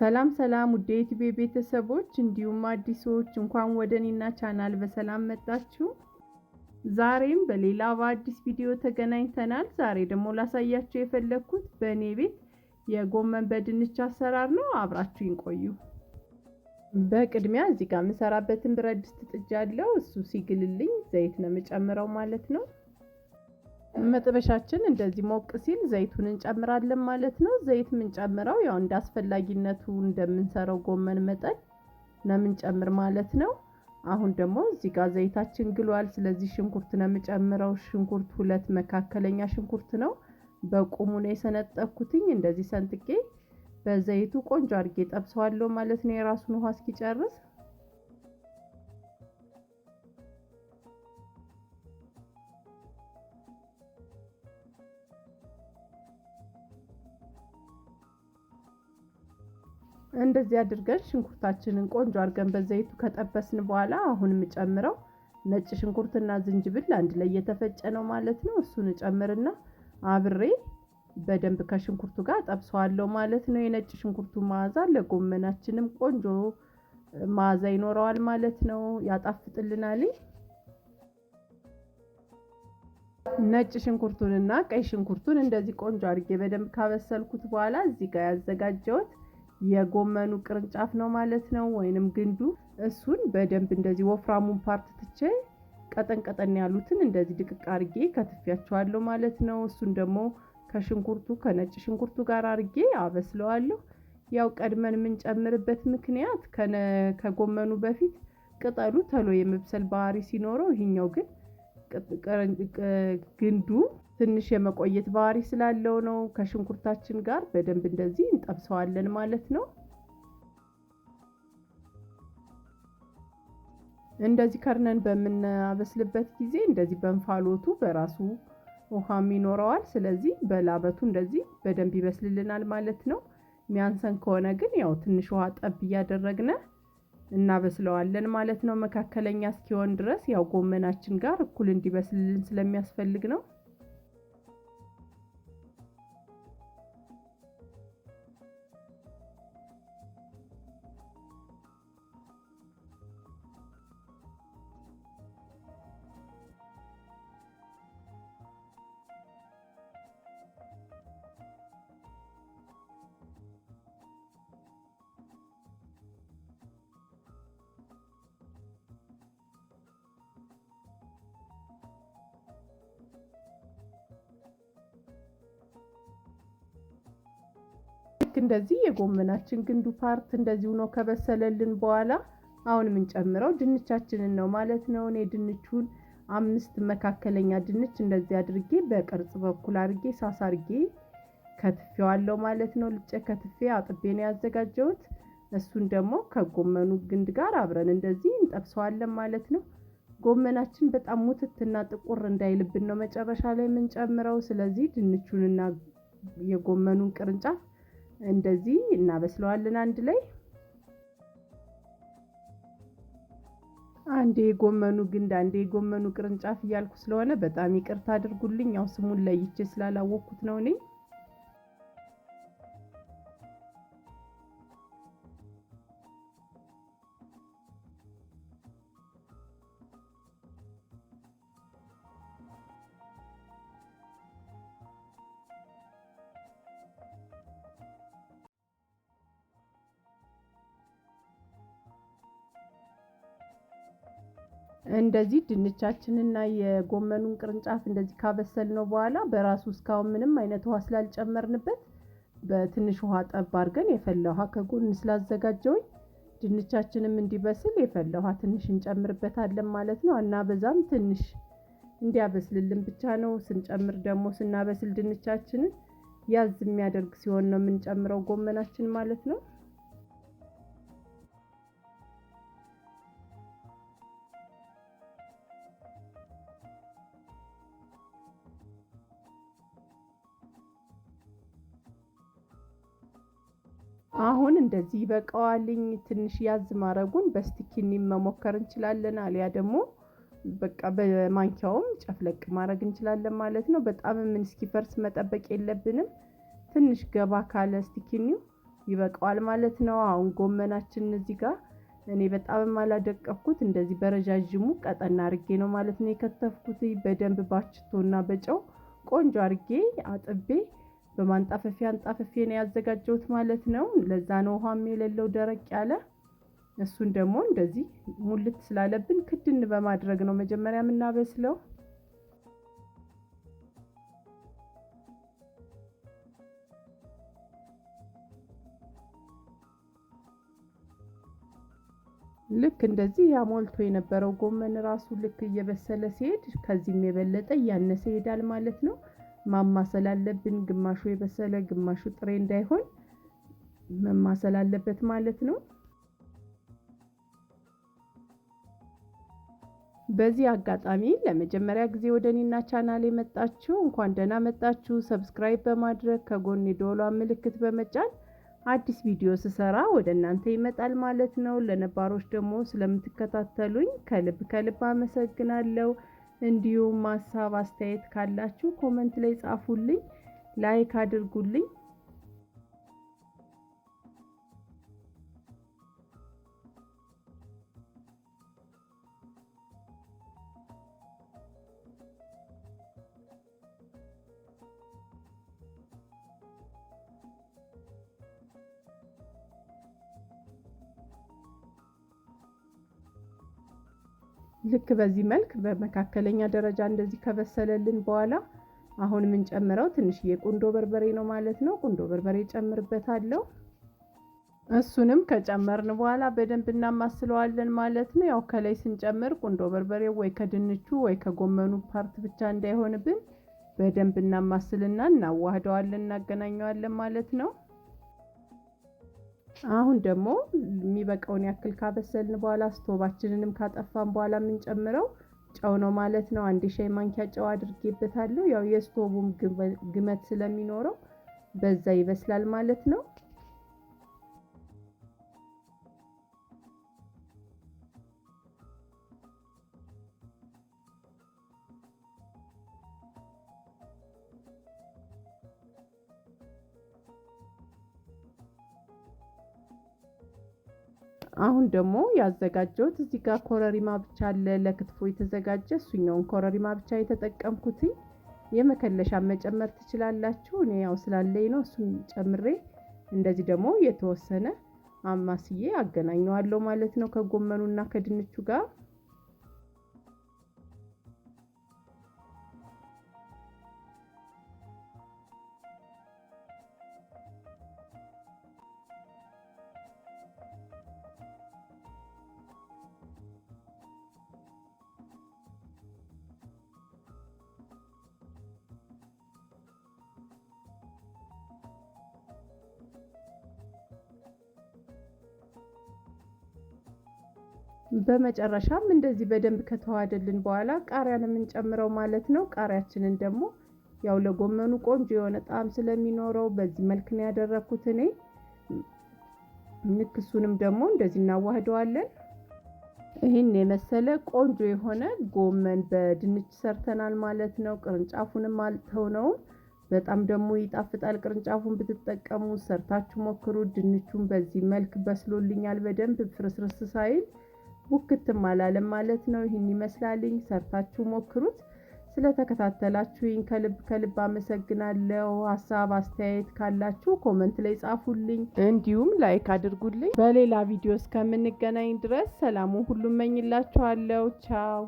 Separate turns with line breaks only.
ሰላም ሰላም ውድ የኢቲቤ ቤተሰቦች እንዲሁም አዲሶች እንኳን ወደ እኔና ቻናል በሰላም መጣችሁ። ዛሬም በሌላ በአዲስ ቪዲዮ ተገናኝተናል። ዛሬ ደግሞ ላሳያችሁ የፈለግኩት በእኔ ቤት የጎመን በድንች አሰራር ነው። አብራችሁኝ ቆዩ። በቅድሚያ እዚህ ጋር የምሰራበትን ብረት ድስት ጥጃለሁ። እሱ ሲግልልኝ ዘይት ነው የምጨምረው ማለት ነው። መጥበሻችን እንደዚህ ሞቅ ሲል ዘይቱን እንጨምራለን ማለት ነው። ዘይት የምንጨምረው ያው እንደ አስፈላጊነቱ እንደምንሰራው ጎመን መጠን ነው የምንጨምር ማለት ነው። አሁን ደግሞ እዚህ ጋር ዘይታችን ግሏል። ስለዚህ ሽንኩርት ነው የምጨምረው። ሽንኩርት ሁለት መካከለኛ ሽንኩርት ነው። በቁሙ ነው የሰነጠኩትኝ። እንደዚህ ሰንጥቄ በዘይቱ ቆንጆ አድርጌ ጠብሰዋለሁ ማለት ነው የራሱን ውሃ እስኪጨርስ እንደዚህ አድርገን ሽንኩርታችንን ቆንጆ አድርገን በዘይቱ ከጠበስን በኋላ አሁን የምጨምረው ነጭ ሽንኩርትና ዝንጅብል አንድ ላይ እየተፈጨ ነው ማለት ነው። እሱን እጨምርና አብሬ በደንብ ከሽንኩርቱ ጋር ጠብሰዋለሁ ማለት ነው። የነጭ ሽንኩርቱ መዓዛ ለጎመናችንም ቆንጆ መዓዛ ይኖረዋል ማለት ነው። ያጣፍጥልናል። ነጭ ሽንኩርቱንና ቀይ ሽንኩርቱን እንደዚህ ቆንጆ አድርጌ በደንብ ካበሰልኩት በኋላ እዚህ ጋር ያዘጋጀሁት የጎመኑ ቅርንጫፍ ነው ማለት ነው፣ ወይንም ግንዱ። እሱን በደንብ እንደዚህ ወፍራሙን ፓርት ትቼ ቀጠን ቀጠን ያሉትን እንደዚህ ድቅቅ አርጌ ከትፊያቸዋለሁ ማለት ነው። እሱን ደግሞ ከሽንኩርቱ ከነጭ ሽንኩርቱ ጋር አርጌ አበስለዋለሁ። ያው ቀድመን የምንጨምርበት ምክንያት ከጎመኑ በፊት ቅጠሉ ተሎ የመብሰል ባህሪ ሲኖረው፣ ይህኛው ግን ግንዱ ትንሽ የመቆየት ባህሪ ስላለው ነው። ከሽንኩርታችን ጋር በደንብ እንደዚህ እንጠብሰዋለን ማለት ነው። እንደዚህ ከርነን በምናበስልበት ጊዜ እንደዚህ በእንፋሎቱ በራሱ ውሃም ይኖረዋል። ስለዚህ በላበቱ እንደዚህ በደንብ ይበስልልናል ማለት ነው። ሚያንሰን ከሆነ ግን ያው ትንሽ ውሃ ጠብ እያደረግነ እናበስለዋለን ማለት ነው። መካከለኛ እስኪሆን ድረስ ያው ጎመናችን ጋር እኩል እንዲበስልልን ስለሚያስፈልግ ነው። እንደዚህ የጎመናችን ግንዱ ፓርት እንደዚህ ሆኖ ከበሰለልን በኋላ አሁን የምንጨምረው ድንቻችንን ነው ማለት ነው። እኔ ድንቹን አምስት መካከለኛ ድንች እንደዚህ አድርጌ በቅርጽ በኩል አድርጌ ሳሳ አድርጌ ከትፌዋለሁ ማለት ነው። ልጨ ከትፌ አጥቤ ነው ያዘጋጀሁት። እሱን ደግሞ ከጎመኑ ግንድ ጋር አብረን እንደዚህ እንጠብሰዋለን ማለት ነው። ጎመናችን በጣም ሙትትና ጥቁር እንዳይልብን ነው መጨረሻ ላይ የምንጨምረው። ስለዚህ ድንቹንና የጎመኑን ቅርንጫፍ እንደዚህ እናበስለዋለን አንድ ላይ። አንዴ የጎመኑ ግንድ አንዴ የጎመኑ ቅርንጫፍ እያልኩ ስለሆነ በጣም ይቅርታ አድርጉልኝ። ያው ስሙን ለይቼ ስላላወቅኩት ነው እኔ እንደዚህ ድንቻችንና የጎመኑን ቅርንጫፍ እንደዚህ ካበሰልነው በኋላ በራሱ እስካሁን ምንም አይነት ውሃ ስላልጨመርንበት በትንሽ ውሃ ጠብ አድርገን የፈላ ውሃ ከጎን ስላዘጋጀውኝ ድንቻችንም እንዲበስል የፈላ ውሃ ትንሽ እንጨምርበታለን ማለት ነው እና በዛም ትንሽ እንዲያበስልልን ብቻ ነው። ስንጨምር ደግሞ ስናበስል ድንቻችንን ያዝ የሚያደርግ ሲሆን ነው የምንጨምረው ጎመናችን ማለት ነው። አሁን እንደዚህ ይበቃዋልኝ። ትንሽ ያዝ ማድረጉን በስቲኪኒ መሞከር እንችላለን፣ አሊያ ደግሞ በቃ በማንኪያውም ጨፍለቅ ማድረግ እንችላለን ማለት ነው። በጣም ምን እስኪፈርስ መጠበቅ የለብንም። ትንሽ ገባ ካለ ስቲኪኒው ይበቃዋል ማለት ነው። አሁን ጎመናችን እዚህ ጋር እኔ በጣም አላደቀኩት፣ እንደዚህ በረዣዥሙ ቀጠና አርጌ ነው ማለት ነው የከተፍኩት። በደንብ ባችቶና በጨው ቆንጆ አርጌ አጥቤ በማንጣፈፊያ አንጣፈፌ ነው ያዘጋጀሁት ማለት ነው። ለዛ ነው ውሃም የሌለው ደረቅ ያለ። እሱን ደግሞ እንደዚህ ሙልት ስላለብን ክድን በማድረግ ነው መጀመሪያ የምናበስለው። ልክ እንደዚህ ያሞልቶ የነበረው ጎመን ራሱ ልክ እየበሰለ ሲሄድ ከዚህም የበለጠ እያነሰ ይሄዳል ማለት ነው። ማማሰል አለብን። ግማሹ የበሰለ ግማሹ ጥሬ እንዳይሆን መማሰል አለበት ማለት ነው። በዚህ አጋጣሚ ለመጀመሪያ ጊዜ ወደ እኔና ቻናል የመጣችሁ እንኳን ደህና መጣችሁ። ሰብስክራይብ በማድረግ ከጎን የደወሏን ምልክት በመጫን አዲስ ቪዲዮ ስሰራ ወደ እናንተ ይመጣል ማለት ነው። ለነባሮች ደግሞ ስለምትከታተሉኝ ከልብ ከልብ አመሰግናለሁ። እንዲሁም ሀሳብ አስተያየት ካላችሁ ኮመንት ላይ ጻፉልኝ፣ ላይክ አድርጉልኝ። ልክ በዚህ መልክ በመካከለኛ ደረጃ እንደዚህ ከበሰለልን በኋላ አሁን የምንጨምረው ትንሽዬ ቁንዶ በርበሬ ነው ማለት ነው። ቁንዶ በርበሬ ጨምርበታለሁ። እሱንም ከጨመርን በኋላ በደንብ እናማስለዋለን ማለት ነው። ያው ከላይ ስንጨምር ቁንዶ በርበሬው ወይ ከድንቹ ወይ ከጎመኑ ፓርት ብቻ እንዳይሆንብን በደንብ እናማስልና እናዋህደዋለን፣ እናገናኘዋለን ማለት ነው። አሁን ደግሞ የሚበቃውን ያክል ካበሰልን በኋላ ስቶባችንንም ካጠፋን በኋላ የምንጨምረው ጨው ነው ማለት ነው። አንድ ሻይ ማንኪያ ጨው አድርጌበታለሁ። ያው የስቶቡም ግመት ስለሚኖረው በዛ ይበስላል ማለት ነው። አሁን ደግሞ ያዘጋጀሁት እዚህ ጋር ኮረሪማ ብቻ አለ ለክትፎ የተዘጋጀ እሱኛውን ኮረሪማ ብቻ የተጠቀምኩትኝ። የመከለሻ መጨመር ትችላላችሁ። እኔ ያው ስላለኝ ነው እሱን ጨምሬ እንደዚህ ደግሞ የተወሰነ አማስዬ አገናኘዋለሁ ማለት ነው ከጎመኑና ከድንቹ ጋር በመጨረሻም እንደዚህ በደንብ ከተዋሃደልን በኋላ ቃሪያን የምንጨምረው ማለት ነው። ቃሪያችንን ደግሞ ያው ለጎመኑ ቆንጆ የሆነ ጣዕም ስለሚኖረው በዚህ መልክ ነው ያደረግኩት እኔ። ንክሱንም ደግሞ እንደዚህ እናዋህደዋለን። ይህን የመሰለ ቆንጆ የሆነ ጎመን በድንች ሰርተናል ማለት ነው። ቅርንጫፉንም አልተው ነው በጣም ደግሞ ይጣፍጣል። ቅርንጫፉን ብትጠቀሙ ሰርታችሁ ሞክሩ። ድንቹን በዚህ መልክ በስሎልኛል በደንብ ፍርስርስ ሳይል ውክትም አላለም ማለት ነው። ይህን ይመስላልኝ። ሰርታችሁ ሞክሩት። ስለተከታተላችሁኝ ከልብ ከልብ አመሰግናለሁ። ሀሳብ አስተያየት ካላችሁ ኮመንት ላይ ጻፉልኝ፣ እንዲሁም ላይክ አድርጉልኝ። በሌላ ቪዲዮ እስከምንገናኝ ድረስ ሰላሙን ሁሉ እመኝላችኋለሁ። ቻው